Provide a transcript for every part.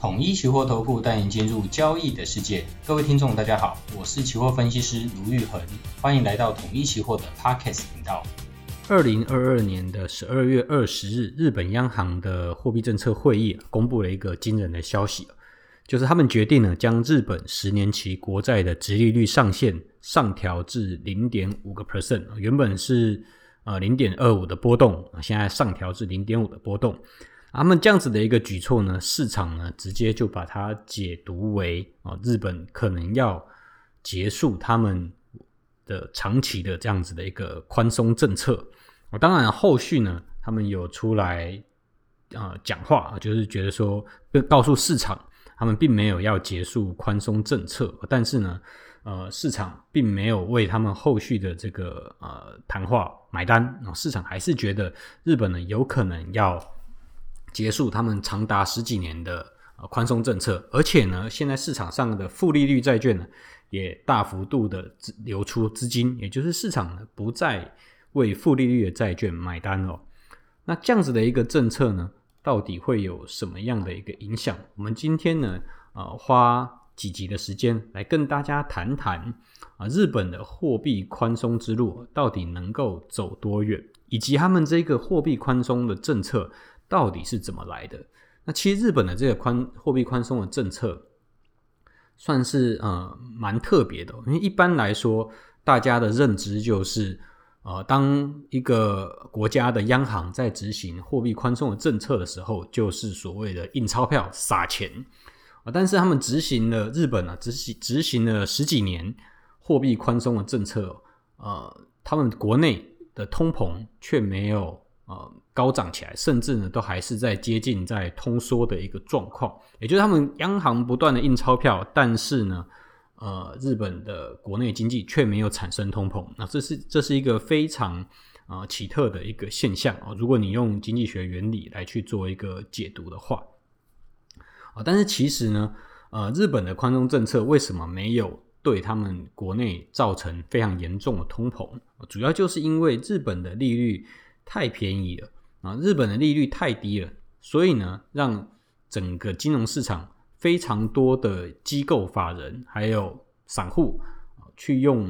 統一期貨投顧帶您進入交易的世界。各位聽眾，大家好，我是期貨分析師盧昱衡，歡迎來到統一期貨的 Podcast 頻道。二零二二年的十二月二十日，日本央行的貨幣政策會議，啊、公布了一個驚人的消息，就是他們決定呢，將日本十年期國債的殖利率上限上調至零點五個 percent，原本是啊零點二五的波動，現在上調至零點五的波動。他們這樣子的一個舉措呢，市場呢直接就把它解讀為啊、哦，日本可能要結束他們的長期的這樣子的一個寬鬆政策。我、哦、當然後續呢，他們有出來啊、呃、講話，就是覺得說，告訴市場，他們並沒有要結束寬鬆政策、哦，但是呢，呃，市場並沒有為他們後續的這個呃談話買單啊、哦，市場還是覺得日本呢有可能要。結束他們長達十幾年的寬鬆政策，而且呢，現在市場上的負利率債券呢，也大幅度的流出資金，也就是市場呢不再為負利率的債券買單了。哦，那這樣子的一個政策呢，到底會有什麼樣的一個影響？我們今天呢，呃，花幾集的時間來跟大家談談啊，日本的貨幣寬鬆之路到底能夠走多遠，以及他們這個貨幣寬鬆的政策。到底是怎麼來的？那其實日本的這個寬貨幣寬鬆的政策，算是呃蠻特別的，因為一般來說，大家的認知就是，呃，當一個國家的央行在執行貨幣寬鬆的政策的時候，就是所謂的印鈔票撒錢啊。呃，但是他們執行了，日本呢、啊，執行執行了十幾年貨幣寬鬆的政策，呃，他們國內的通膨卻沒有呃。高漲起來，甚至呢都還是在接近在通縮的一個狀況，也就是他們央行不斷的印鈔票，但是呢，呃，日本的國內經濟卻沒有產生通膨，那、啊、這是這是一個非常啊、呃、奇特的一個現象啊。如果你用經濟學原理來去做一個解讀的話啊，但是其實呢，呃，日本的寬鬆政策為什麼沒有對他們國內造成非常嚴重的通膨？啊，主要就是因為日本的利率太便宜了。啊，日本的利率太低了，所以呢，讓整個金融市場非常多的機構法人還有散戶啊，去用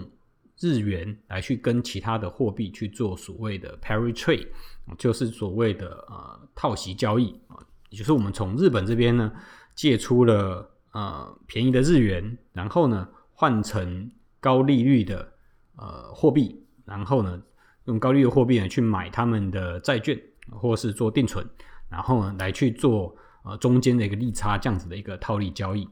日元來去跟其他的貨幣去做所謂的 carry trade，就是所謂的呃套息交易，也就是我們從日本這邊呢借出了呃便宜的日元，然後呢換成高利率的呃貨幣，然後呢用高利率的貨幣呢去買他們的債券。或是做定存，然後來去做呃中間的一個利差這樣子的一個套利交易。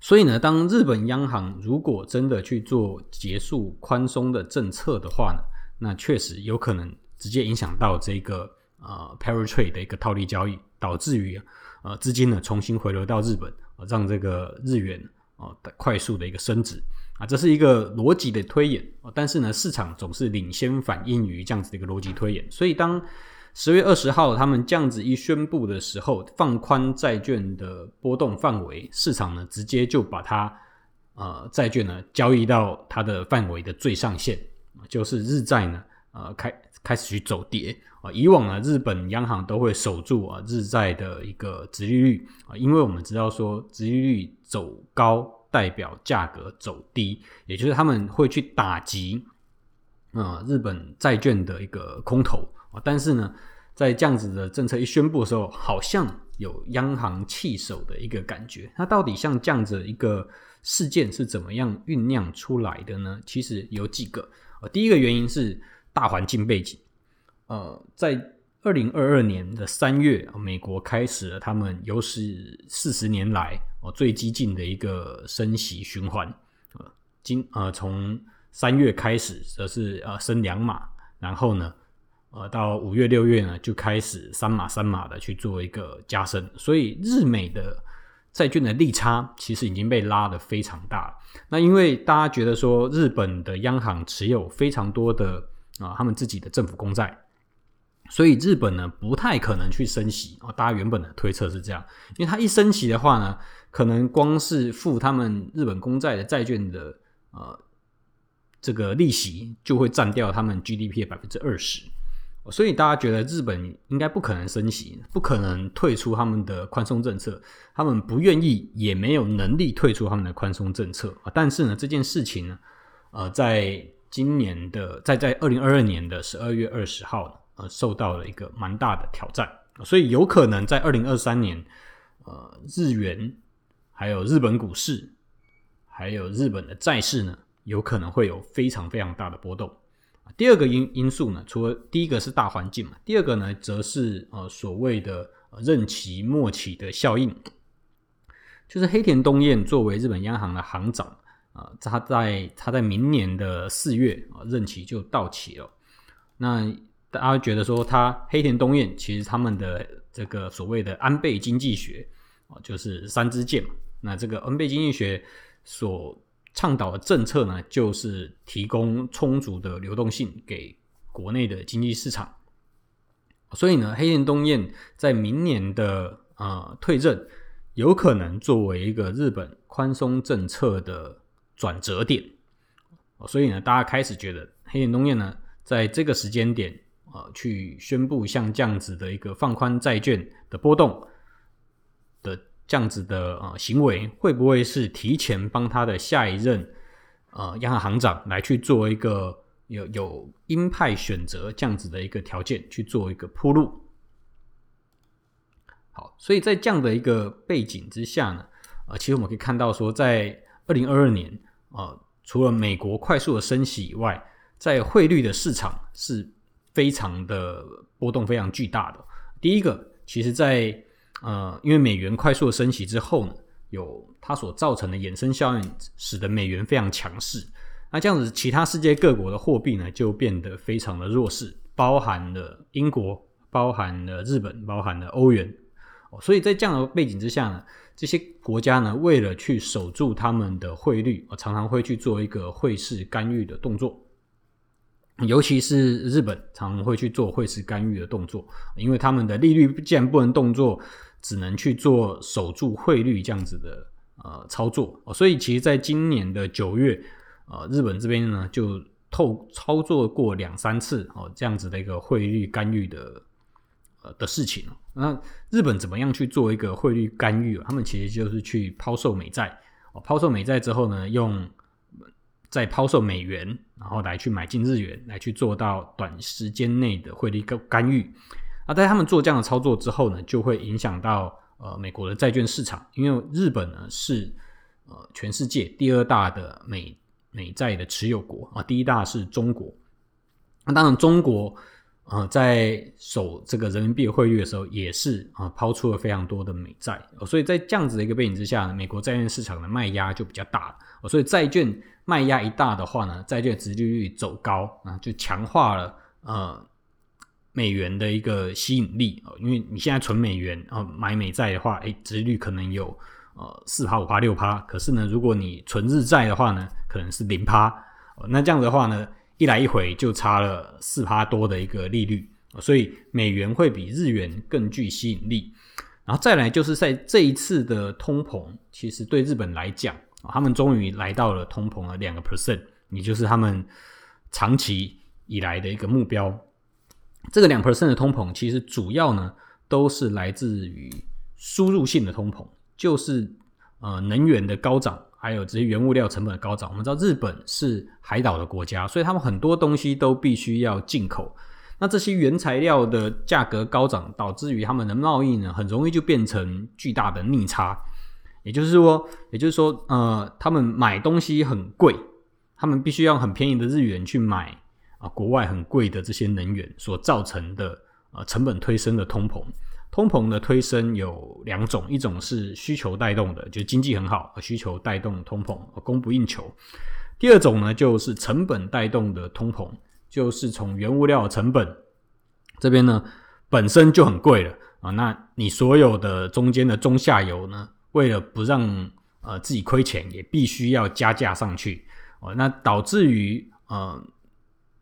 所以呢，當日本央行如果真的去做結束寬鬆的政策的話呢，那確實有可能直接影響到這個呃 carry trade 的一個套利交易，導致於呃資金呢重新回流到日本，讓這個日元啊、呃、快速的一個升值。啊，這是一個邏輯的推演啊，但是呢，市場總是領先反映於這樣子的一個邏輯推演，所以當十月二十號他們這樣子一宣布的時候，放寬債券的波動範圍，市場呢直接就把它、呃、債券呢交易到它的範圍的最上限，就是日債呢呃開開始去走跌啊，以往呢，日本央行都會守住啊日債的一個殖利率啊，因為我們知道說殖利率走高。代表價格走低，也就是他們會去打擊啊、呃、日本債券的一個空頭啊。但是呢，在這樣子的政策一宣布的時候，好像有央行棄守的一個感覺。那到底像這樣子一個事件是怎麼樣醞釀出來的呢？其實有幾個啊、呃，第一個原因是大環境背景，呃，在。二零二二年的三月，美國開始了他們有史四十年來哦最激進的一個升息循環。今呃，從三月開始則是呃升兩碼，然後呢呃到五月六月呢就開始三碼三碼的去做一個加升。所以日美的債券的利差其實已經被拉得非常大。那因為大家覺得說日本的央行持有非常多的啊、呃、他們自己的政府公債。所以日本呢不太可能去升息啊，大家原本的推測是這樣，因為它一升息的話呢，可能光是付他們日本公債的債券的呃這個利息，就會占掉他們 GDP 的百分之二十，所以大家覺得日本應該不可能升息，不可能退出他們的寬鬆政策，他們不願意也沒有能力退出他們的寬鬆政策啊、呃。但是呢，這件事情呢，呃，在今年的在在二零二二年的十二月二十號呢。呃，受到了一個蠻大的挑戰，所以有可能在二零二三年，呃，日元，還有日本股市，還有日本的債市呢，有可能會有非常非常大的波動。啊，第二個因因素呢，除了第一個是大環境嘛，第二個呢，則是呃所謂的、呃、任期末期的效應，就是黑田東彥作為日本央行的行長，啊，呃，他在他在明年的四月啊，呃，任期就到期了，那。大家覺得說他黑田東彥，其實他們的這個所謂的安倍經濟學啊，就是三支箭嘛。那這個安倍經濟學所倡導的政策呢，就是提供充足的流動性給國內的經濟市場。所以呢，黑田東彥在明年的呃退任，有可能作為一個日本寬鬆政策的轉折點。所以呢，大家開始覺得黑田東彥呢，在這個時間點。啊，去宣布像這樣子的一個放寬債券的波動的這樣子的呃行為，會不會是提前幫他的下一任呃央行行長來去做一個有有鷹派選擇這樣子的一個條件去做一個鋪路？好，所以在這樣的一個背景之下呢，啊，其實我們可以看到說，在二零二二年啊，除了美國快速的升息以外，在匯率的市場是。非常的波動非常巨大的。第一個，其實在，在呃，因為美元快速的升息之後呢，有它所造成的衍生效應，使得美元非常強勢。那這樣子，其他世界各國的貨幣呢，就變得非常的弱勢，包含了英國，包含了日本，包含了歐元。哦，所以在這樣的背景之下呢，這些國家呢，為了去守住他們的匯率，常常會去做一個匯市干預的動作。尤其是日本，常會去做匯市干預的動作，因為他們的利率既然不能動作，只能去做守住匯率這樣子的呃操作。所以其實，在今年的九月，呃，日本這邊呢就透操作過兩三次哦這樣子的一個匯率干預的呃的事情。那日本怎麼樣去做一個匯率干預啊？他們其實就是去拋售美債，拋售美債之後呢，用。在拋售美元，然後來去買進日元，來去做到短時間內的匯率干干預。那，啊，在他們做這樣的操作之後呢，就會影響到呃美國的債券市場，因為日本呢是呃全世界第二大的美美債的持有國啊，第一大是中國。那，啊，當然，中國啊，呃，在守這個人民幣匯率的時候，也是啊拋出了非常多的美債，哦，所以在這樣子的一個背景之下，美國債券市場的賣壓就比較大了，哦，所以債券。賣壓一大的話呢，債券的殖利率走高啊，就強化了呃美元的一個吸引力。因為你現在存美元哦買美債的話，哎、欸、殖利率可能有呃四趴五趴六趴，可是呢，如果你存日債的話呢，可能是零趴。那這樣子的話呢，一來一回就差了四趴多的一個利率，所以美元會比日元更具吸引力。然後再來就是在這一次的通膨，其實對日本來講。他們終於來到了通膨的兩個 percent，也就是他們長期以來的一個目標。這個兩 percent 的通膨，其實主要呢都是來自於輸入性的通膨，就是呃能源的高漲，還有這些原物料成本的高漲。我們知道日本是海島的國家，所以他們很多東西都必須要進口。那這些原材料的價格高漲，導致於他們的貿易呢，很容易就變成巨大的逆差。也就是說，也就是說，呃，他們買東西很貴，他們必須要很便宜的日元，去買啊，國外很貴的這些能源所造成的、啊、成本推升的通膨。通膨的推升有兩種，一種是需求帶動的，就是、經濟很好，啊、需求帶動通膨、啊，供不應求；第二種呢，就是成本帶動的通膨，就是從原物料的成本這邊呢本身就很貴了啊，那你所有的中間的中下游呢，為了不讓呃自己虧錢，也必須要加價上去哦。那導致於呃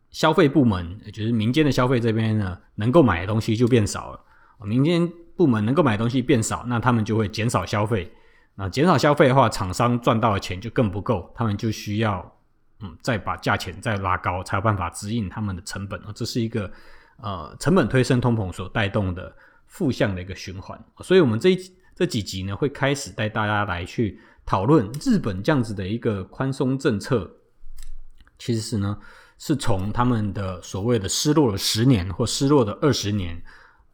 消費部門，也就是民間的消費這邊呢，能夠買的東西就變少了哦。民間部門能夠買的東西變少，那他們就會減少消費。那、呃、減少消費的話，廠商賺到的錢就更不夠，他們就需要嗯再把價錢再拉高，才有辦法指引他們的成本。哦、這是一個呃成本推升通膨所帶動的負向的一個循環。哦、所以，我們這一。這幾集呢，會開始帶大家來去討論日本這樣子的一個寬鬆政策。其實呢，是從他們的所謂的失落了十年或失落的二十年，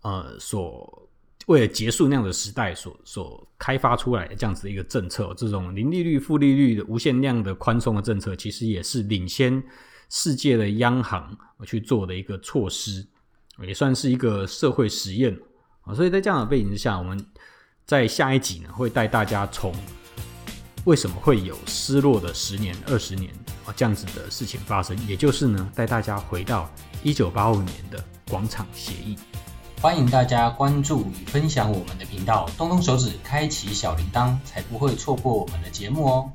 呃，所為了結束那樣的時代，所所開發出來的這樣子的一個政策。這種零利率、負利率的無限量的寬鬆的政策，其實也是領先世界的央行去做的一個措施，也算是一個社會實驗啊。所以在這樣的背景之下，我們。在下一集呢，會帶大家從為什麼會有失落的十年、二十年啊這樣子的事情發生，也就是呢，帶大家回到一九八五年的廣場協議。歡迎大家關注與分享我們的頻道，動動手指開啟小鈴鐺，才不會錯過我們的節目哦。